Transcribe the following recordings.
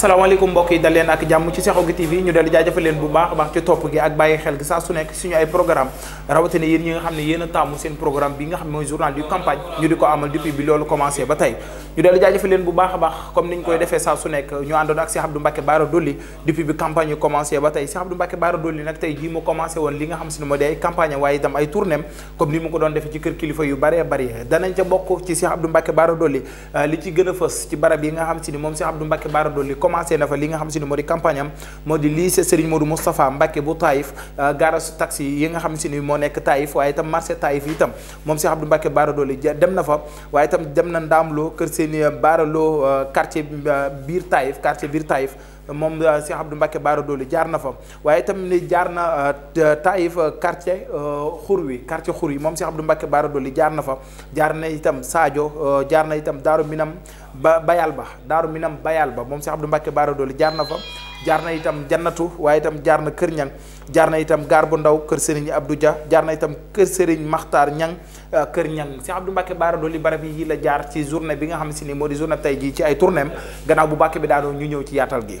asalaamaaleykum mbokk yi dal leen ak jàmm ci Sekhawgui TV ñu dellu jaajëfal leen bu baax a baax ci topp gi ak bàyyi xel saa su nekk suñu ay programme rawatina yéen ñi nga xam ne yéen a taamu seen programme bi nga xam ba tey ñu dellu jaajëfal leen bu a baax comme si ni mu ko a fës ci barab yi nga xam si ni moom Cheikh Abdou commencé na fa li nga xam si ne moo di campagne am moo di lycée Serigne Modou Moustapha Mbacké bu Taïf euh, garage taxi yi nga xam si ni moo nekk Taïf waaye itam marché Taïf itam moom Cheikh Abdou Mbacké Bara Dolly dem na fa waaye itam dem na Ndaamloo kër seeni Bara Lo euh, quartier euh, biir Taïf quartier biir Taïf moom Cheikh Abdou Mbacké Bara Dolly jaar na fa waaye itam ni jaar na Taïf quartier xur wi quartier xur yi moom Cheikh Abdou Mbacké Bara Dolly jaar na fa jaar na itam Sadio jaar na itam Daaru Minam ba bayal ba daaru minam bayal ba moom Cheikh Abdou Mbacke Bara Dolly jaar na fa jaar na itam jannatu waaye itam jaar na kër ñang jaar na itam gaar bu ndaw kër Serigne Abdou Dia jaar na itam kër Serigne Makhtar ñang euh, kër ñang Cheikh Abdou Mbacke Bara Dolly barab yi la jaar ci journée bi nga xam si ni moo di journée tey jii ci ay tournéem gannaaw bu Mbacke bi daanoo ñu ñëw ci yaatal gi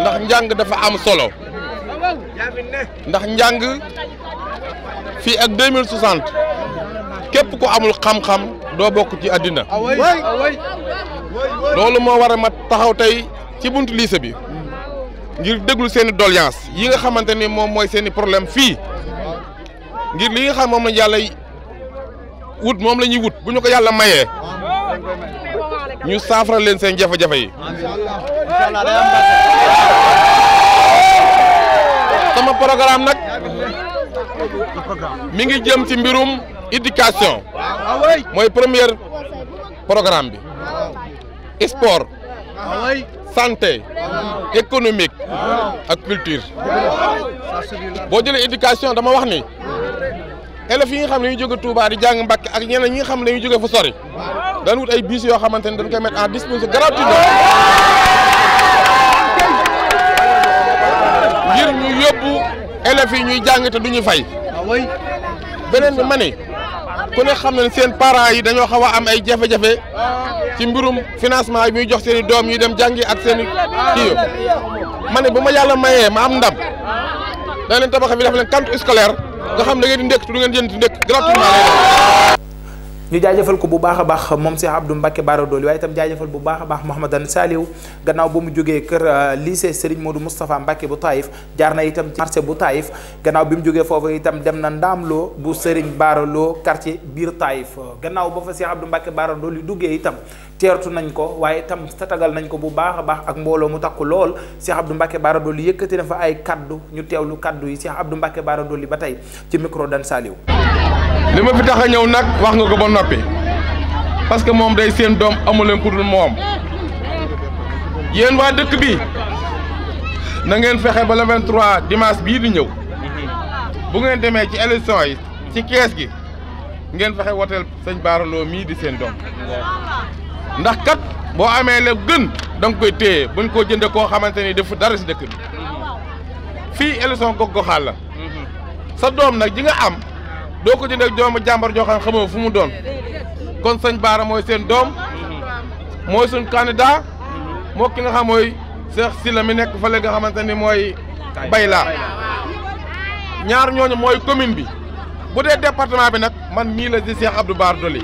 ndax njang dafa am solo ndax njang Fi ak 2060 kep ko amul xam-xam do bok ci adina lolou mo wara a ma taxaw tay ci buntu lycée bi ngir deglu seen doliance yi nga xamanteni ni moy mooy seen problème fi ngir li nga xam mom la yalla wut mom lañuy wut buñu ko yalla mayé ñu safra leen seen jafe yi incha allah day sama programme nag mi ngi jëm ci mbirum éducation programme bi sport santé économique ak culture boo jëlee éducation dama wax ni élèves yi nga xam ne dañuy Touba di ak ñeneen nga xam fu sori wut ngir ñu yóbbu élèves yi ñuy jàng te duñu fay beneen bi ma ne ku ne xam ne seen parents yi dañoo xaw a am ay jafe-jafe ci mbirum financement yi muy jox seen i doom yi dem jàngi ak seen i kii ma ne bu ma yàlla mayee ma am ndam da leen tabax bi def leen cantine scolaire nga xam da ngeen di ndékk du ngeen jënd ndékk gratuitement lay def ñu jaajëfal ko bu baax a baax moom Cheikh Abdou Mbacke Bara Dolly waaye itam jaajëfal bu baax a baax Mouhamadan Saliou gannaaw ba mu jógee kër euh, lycée Serigne Modou Moustapha Mbacke bu Taïf jaar na itam ci marché bu Taïf gannaaw bi mu jógee foofu itam dem na Ndaamloo bu Serigne Bara Lo quartier biir Taïf gannaaw ba fa Cheikh Abdou Mbacke Bara Dolly duggee itam teertu nañ ko waaye itam sa tatagal nañ ko bu baax a baax ak mbooloo mu takku lool Cheikh Abdou Mbacke Bara Dolly yëkkati na fa ay kaddu ñu teew lu kaddu yi Cheikh Abdou Mbacke Bara Dolly ba tey ci micro dan Saliou li ma fi tax a ñëw nag wax nga ko ba noppi parce que moom day seen doom amuleen ku dul moom yéen waa dëkk bi na ngeen fexe ba le 23 bii di ñëw bu ngeen demee ci élection yi ci kees gi ngeen fexe woteel sëñ Bara mii di seen doom ndax kat boo amee la gën da koy téye buñ koo jënde koo xamante ni def dara si dëkk bi fii élection gox goxaal la sa doom nag ji nga am doo ko jëndee ak doomu jàmbar joo xam xamoo fu mu doon kon sëñ Baara mooy seen doom mooy suñ daa moo ki nga xam mooy Cheikh Sylla mi nekk fële nga xamante ni mooy Bayla ñaar ñooñu mooy commune bi bu dee département bi nag man mii la di Cheikh Abdou Bara Dolly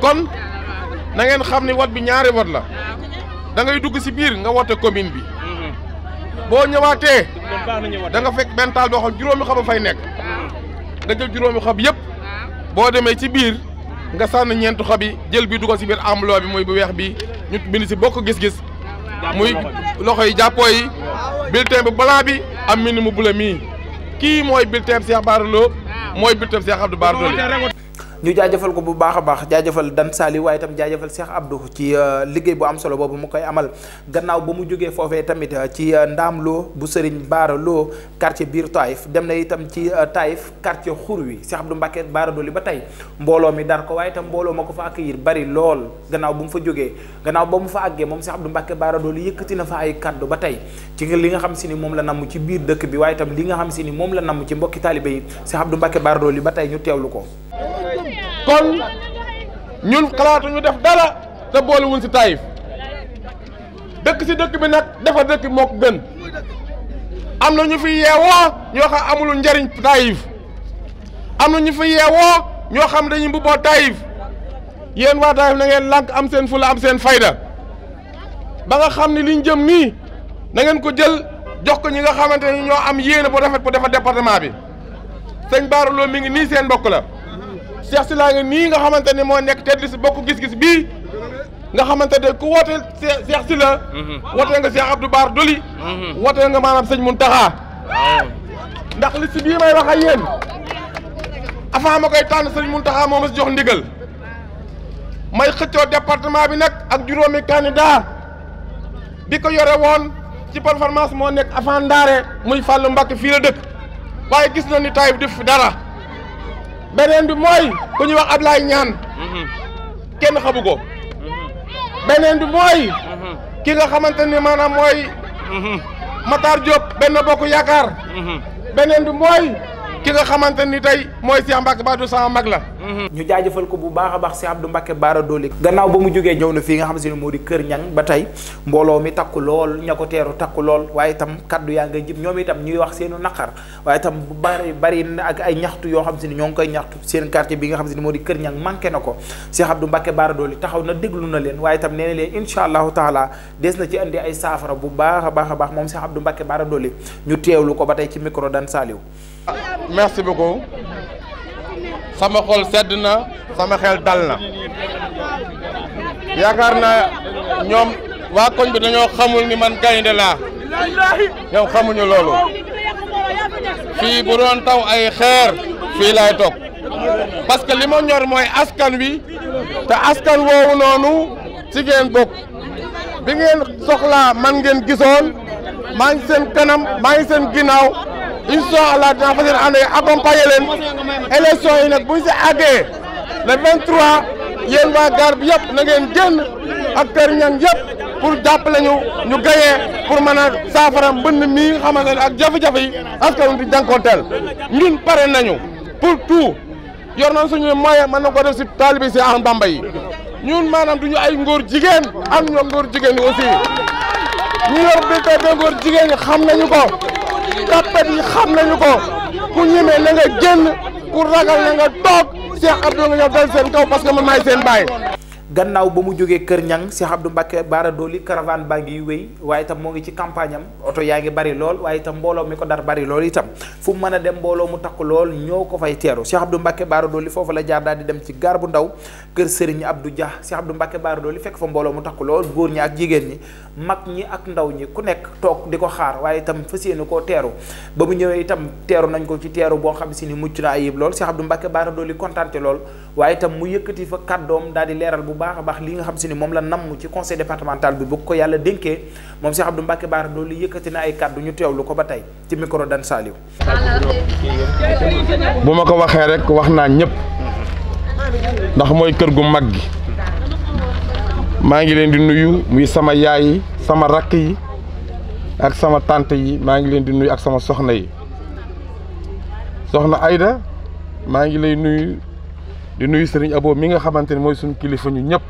kon na xam ni wat bi ñaari wat la da ngay dugg si biir nga wote commune bi boo ñëwaatee da nga fekk benn taal boo xam juróomi xam fay nekk nga jël juróomi xob yëpp boo demee ci biir nga sànn ñeenti xob yi jël bi dugal ci biir amuloo bi muy bu weex bi ñu bind ci bokk gis-gis muy loxo yi jàppoo yi bulletin bu balaa bi am mini mu bula mii kii mooy bulletin Cheikh Bara Lo mooy bulletin Cheikh Abdou Bara Dolly ñu jaajëfal ko bu baax a baax jaajëfal Dan Sali waaye itam jaajëfal Cheikh Abdou ci euh, liggéey bu am solo boobu mu koy amal gannaaw ba mu jógee foofee tamit euh, ci euh, ndaam loo bu Serigne Baara loo quartier biir Taïf dem na itam ci Taïf quartier xur wi Cheikh Abdou Mbacké Baara Doli ba tey mbooloo mi dar ko waaye itam mbooloo ma ko fa accueillir bari lool gannaaw bu mu fa jógee gannaaw ba mu fa àggee moom Cheikh Abdou Mbacké Baara li yëkkati na fa ay kaddu ba tey li nga xam si ni moom la namm ci biir dëkk bi waaye itam li nga xam si ni moom la namm ci mbokki taalibe yi Cheikh Abdou Mbacké Baara Doli ba tey ñu teewlu ko kon ñun ñu def dara te wuñ si taif. dekk ci dekk bi nak dafa dekk bi ko gën am na ñu fi yeewoo ño xam amul ñariñ taif am na ñu fi yeewoo ño xam bu bo taif yeen wa taif na ngeen lank am seen fula am seen fayda ba nga xam ni liñ jëm ni na ngeen ko jël jox ko ñi nga xamanteni ño am yéene bo rafet bo defar département bi señ Bara Lo mi ngi ni seen mbokk la Cheikh Sylla nga nii nga xamante ni moo nekk tête liste bokk gis-gis bii nga xamante ne ku woote Cheikh Sylla mhm. woote nga Cheikh Abdou Bara Dolly mhm. woote nga maanaam sëñ Mountakha ndax liste bii may wax yéen avant ma koy tànn sëñ Mountakha moo ma si jox ndigal may xëccoo département bi nag ak juróomi candidat bi ko yore woon ci performance moo nekk avant ndaare muy Fallou Mbacké fii la dëkk waaye gis na ni Taïb def fi dara beneen bi mooy ku ñuy wax Ablaye Ñaan kenn xamu ko beneen bi mooy ki nga xamante ni maanaam mooy Matar Diop benn bokk yaakaar mhm. beneen bi mooy ki nga xamante ni tey mooy Cheikh Mbacke Bara sama mag la ñu jaajëfal ko bu baax a baax Cheikh Abdou Mbacke Bara Dolly gannaaw ba mu jógee ñëw na fii nga xam se ne moo di kër ñang ba tey mbooloo mi takk lool ña ko teeru takku lool waaye itam kaddu yaa nga jëm ñoom itam ñuy wax seenu naqar waaye itam bu bari bari na ak ay ñaxtu yoo xam se ni ñoo ngi koy ñaxtu seen quartier bi nga xam se ni moo di kër ñang manqué na ko Cheikh Abdou Mbacke Bara Dolly taxaw na déglu na leen waaye itam nee na leen incha allahu taala des na ci indi ay saafara bu baax a baax a baax moom Cheikh Abdou Mbacke Bara Dolly ñu teewlu ko ba tey ci micro dan saaliw merci beaucoup sama xol sedna, sama xel dalna. na ñom wa koñ bi dañu xamul ni man gaynde laa ñoom xamuñu lolu fi bu doon taw ay xeer fi lay tok parce que limo ñor moy askan wi te askan woowu nonu ci gene bok bi ngeen soxla man ngeen gisoon ma ngi seen kanam ma ngi seen ginaaw inshallah dina dinaa fas yéene ànd ak accompagner leen élection yi nak buñ ci àggee le 23 yeen waa gaar bi yëpp na ngeen genn ak ter Niang yëpp pour jàppale ñu ñu gagné pour mëna safara mbënd mi xamal ak jafe-jafe yi askan di jànkoonteel ñun paré nañu pour tout yor na suñu moye man na ko def ci taalibe ci am Bamba yi ñun manam duñu ay ngor jigen am ñoo ngor jigen aussi ñu yor béykat ngor jigen xam nañu ko. tapet yi xam nañu ko ku ñemee na nga génn ku ragal na nga toog Cheikh Abdou nga ñëw dal seen kaw parce que man maay seen baay gannaaw ba mu jógee Kër Ñang Cheikh Abdou Mbacké Bara Dolly caravane baa ngi wéy waaye itam moo ngi ci campagne oto yaa ngi bari lool waaye itam mbooloo mi ko dar bari lool itam fu mu mën a dem mbooloo mu takk lool ñoo ko fay teeru Cheikh Abdou Mbacké Bara Dolly foofu la jaar daal di dem ci gaar bu ndaw kër Serigne Abdou Dia Cheikh Abdou Mbacké Bara Dolly fekk fa mbooloo mu takk lool góor ñi jigéen ñi mag ñi ak ndaw ñi ku nekk toog di ko xaar waaye itam fas yéene koo teeru ba mu ñëwee itam teeru nañ ko ci teeru boo xam si ni mucc na ayib lool Cheikh Abdou Mbacké Bara Dolly kontaan lool waaye itam mu yëkkati fa kàddoom daal di leeral bu baax a baax li nga xam si ni moom la namm ci conseil départemental bi bu ko yàlla dénkee ko ba tey ci micro dan Saliou ma ko waxee rek wax naa ñëpp ndax mooy kër gu mag gi maa ngi leen di nuyu muy sama yaay yi sama rakk yi ak sama tante yi maa ngi leen di nuyu ak sama soxna yi soxna Aida maa ngi lay nuyu di nuyu sëriñ Abo mi nga xamante ni mooy suñu kilifa ñu ñëpp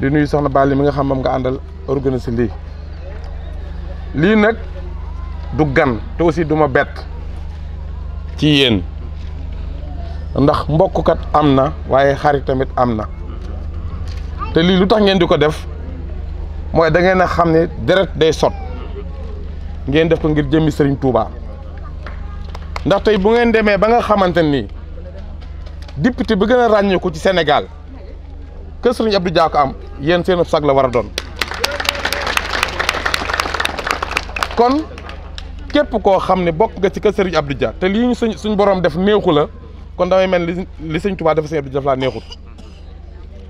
di nuyu soxna Bally mi nga xam moom nga àndal organiser lii lii nag du gan te aussi duma ma bett ci yéen ndax mbokkkat am na waaye xarit tamit am na te lii lu tax ngeen di ko def mooy dangeen a xam ne deret day sot ngeen def ko ngir jëmmi sëriñ Touba ndax tey bu ngeen demee ba nga xamante nii député bi gën a ràññee ci senegal que Serigne Abdou ko am yéen seen sag la war a doon kon képp koo xam ne bokk nga ci que Serigne Abdou te lii ñu suñ boroom def neexu la kon damay mel li li Serigne Touba dafa Serigne Abdou laa neexut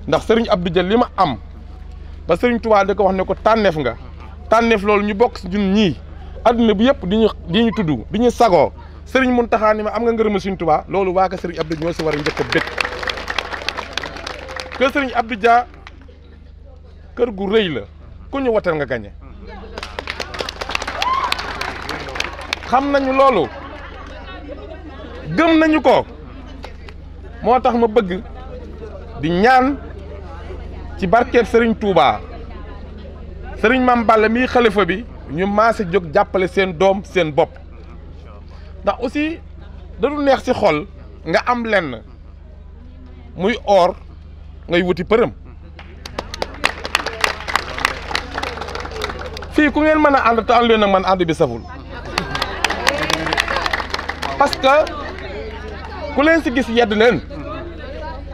ndax sëriñ Abdou Dia li ma am ba Serigne Touba da ko wax ne ko tànneef nga tànneef loolu ñu bokk si ñun ñii adduna bi yëpp di ñu di ñu tudd di ñu sagoo. Sering muntaha ni ma am nga ngërëma serigne touba lolou wa ka serigne Abdou ñoo ci wara ñëk njëkk ke serigne Abdou Dia kër gu reuy la ku ñu watal nga gañe xam nañu lolou gëm nañu ko motax ma bëgg di ñaan ci barké serigne Touba serigne mam Balla mi khalifa bi ñu maasi jog jappalé sen dom sen bop ndax aussi da du neex ci xol nga am lenn muy or ngay wuti peureum fi ku ngeen meuna a ta te ànd leen man ànd bi saful parce que ku len ci gis yedd len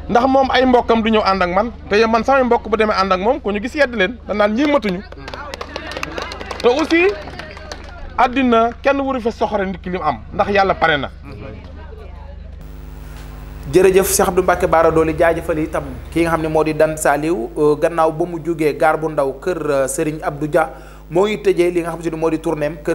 ndax mom ay mbokam du ñew and ak man te man sama mbok bu deme and ak mom ku ñu gis yedd da danaan ñi matuñu te aussi Adina, kenn wuri fa soxore nit ki am ndax yalla pare na. jërëjëf Cheikh Abdou mbake bara doli jaajeufali tam ki nga xamni modi Dan saliw uh, gannaaw bamu mu jugee bu ndaw keur uh, Serigne Abdou Dia moy ngi li nga xam si ne moo di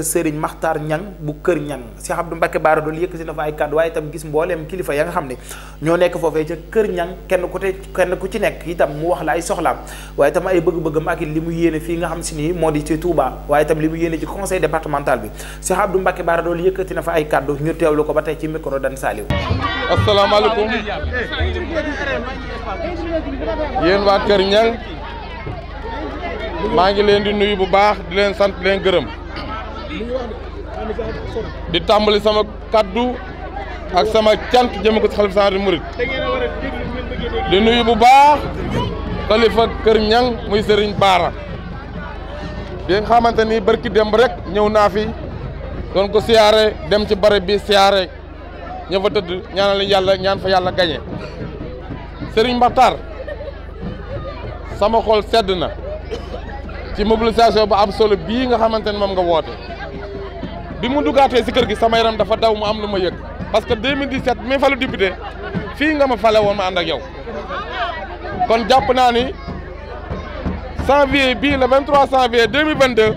Serigne Makhtar Niang bu keur Niang Cheikh Abdou Mbacké Bara Dolly yëkkati na fa ay kàddu waaye itam gis mbollem kilifa ya nga xam ne ñoo nekk foofee ca kër Niang kenn ku te kenn ku ci nek itam mu wax la ay soxlaam waaye itam ay bëgg-bëggam ak limu mu fi nga xam si nii moo ci Touba waaye tam limu mu ci conseil départemental bi Cheikh Abdou Mbacké Bara Dolly yëkkati na fa ay kàddu ñu tewlu ko batay ci micro dan saliw assalamu alaykum yeen wa keur Niang ma ngi leen di nuyu bu baax di leen sant leen gërëm di tambali sama kaddu ak sama tiant jëm ko si xalifa général murit di nuyu bu baax khalifa kër ñang muy serigne bara bi nga xamanteni barki demb rek ñew na fi don ko siaré dem ci bare bi siaré ñu fa tëdd ñaanal yalla ñaan fa yalla gañe serigne mbaktar sama xol sedd na ci mobilisation bu am solo bii nga xamantene mom nga woote bi mu dugaté ci kër gi sama yaram dafa daw mu am luma ma yëg parce que 2017 bi may falu député fi nga ma falé won ma and ak yow kon japp na ni janvier bi le 23 janvier 2022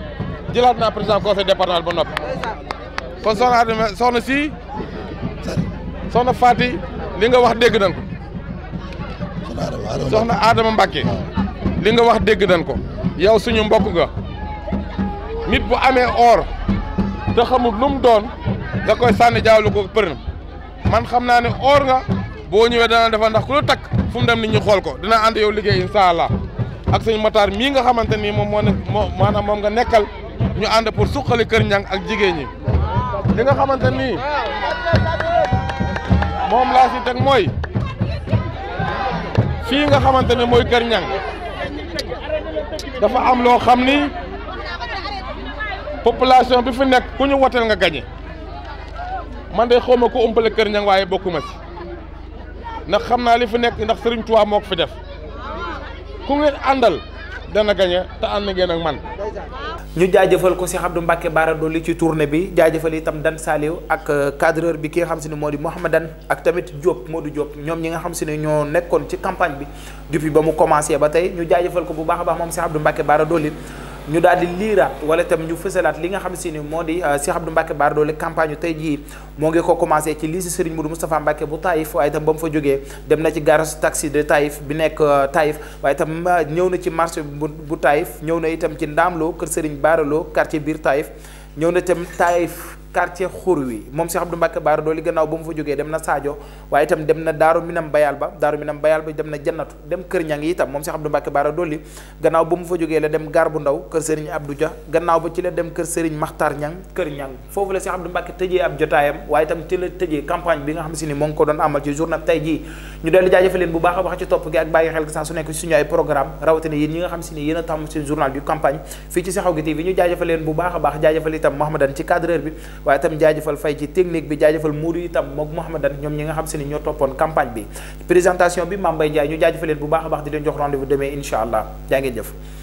jëlaat na président conseil départemental ba nopi kon soxna Adama soxna si soxna Fati li nga wax dégg nañ ko soxna Adama mbacké li nga wax dégg nañ ko yow suñu mbokk nga nit bu amé or te xamul lum doon da koy sànni jaawlu ko man xamna né or nga boo ñëwee dana defal ndax ku lu tak fu mu dem nit ñu xol ko dina and yow liggéey inshallah ak suñu mataar mi nga xamanteni mom mo moo ne nga nekkal ñu and pour sukkali kër ñang ak jigéen ñi li nga xamanteni mom la ci tek moy fi nga xamanteni moy kër ñang dafa am loo xam ni population bi fu nekk ku ñu woteel nga gañe man de xaw ma ko umpale kër ñang waaye si ndax xam naa li fi nekk ndax sëriñ Touba moo ko fi def ku ngeen àndal dana gañe te ànd ngeen ak man. ñu jaajeufal ko Cheikh Abdou mbake barado li ci tournée bi jaajeufal itam Dan saliw ak euh, cadreur bi ki nga xam si ak tamit Diop Modou Diop ñom ñi nga xam si ne ñoo nekkoon ci campagne bi depuis ba mu commencé ba tay ñu jaajeufal ko bu baaxa baax mom Cheikh Abdou mbake barado li ñu daal di liiraat wala itam ñu fësalaat li nga xam si ni moo di euh, Cheikh Abdou Mbacke Bara Dolly campagne yu tey jii moo ngi ko commencé ci lycée Serigne Modou Moustapha Mbacke bu Taïf waaye itam ba mu fa jógee dem na ci garage taxi de Taïf bi nekk euh, Taïf waaye itam euh, ñëw na ci marché bu bu Taïf ñëw na itam ci Ndaamloo kër Serigne baaraloo Lo quartier biir Taïf ñëw na itam Taïf quartier xur wi moom Cheikh Abdou Mbacke Baara Dooli gannaaw ba mu fa jógee dem na Sadio waaye itam dem na Daaru Minam Bayal ba Daaru Minam Bayal ba dem na Jannatu dem Kër Ñang yi itam moom Cheikh Abdou Mbacke Baara Dooli gannaaw ba mu fa jógee la dem Gaar bu Ndaw kër Serigne Abdou Dia gannaaw ba ci la dem kër Serigne Makhtar Ñang Kër Ñang foofu la Cheikh Abdou Mbacke tëjee ab jotaayam waaye itam ci la tëjee campagne bi nga xam si ni moo ngi ko doon amal ci journée tey jii ñu dellu a wax ci topp gi ak nekk suñu ay programme rawatina yéen ñi nga xam si ni yéen a tàmm seen fii ci Sekhawgui TV ñu jaajëfe leen bu a baax jaajëfal itam Mouhamadan ci cadreur waaye itam jaajëfal fay ci technique bi jaajëfal muuru itam mook Mouhamadan ñoom ñi nga xam se ni ñoo toppoon campagne bi présentation bi Mame Mbaye Ndiaye ñu jaajëfaleen bu baax a baax di leen jox rendez-vous demee incha allah jaa ngeen jëf